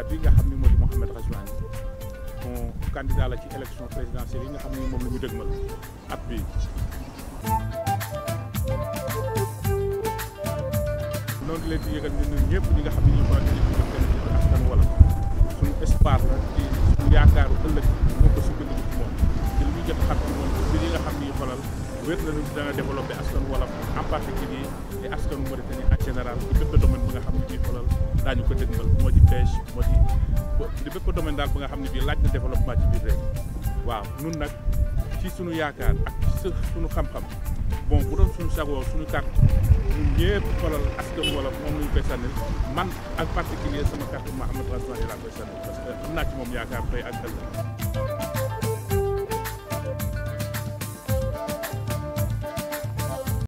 candidat bi nga xam ne moo di Mouhamed Rajouane moom candidat la ci élection présidentielle yi nga xam ne moom la ñu dëgmal at bi noonu leen di yëgal ñun ñëpp ñi nga xam ne ñu ko def ci askan wala suñu espoir la di suñu yaakaaru ëllëg moo ko sukkandiku ci moom ci li ñu jot xam ci moom ci li nga xam ne ñu xolal wér nañu dana développé askan wala en particulier et askanu Mauritanie en général ci bépp domaine bi nga xam ne ñuy xolal daañu ko moo di pêche moo di di bépp domaine daal ba nga xam ne bii laaj na développement ci biir réew waaw nun nag ci suñu yaakaar ak ci suñu xam-xam bon bu doon suñu sagoo suñu carte ñun ñëpp xoolal askan wala moom la ñu koy sànnil man ak particulier sama carte ma am na transparence laa koy sànnil parce naa ci moom yaakaar tey ak ëllëg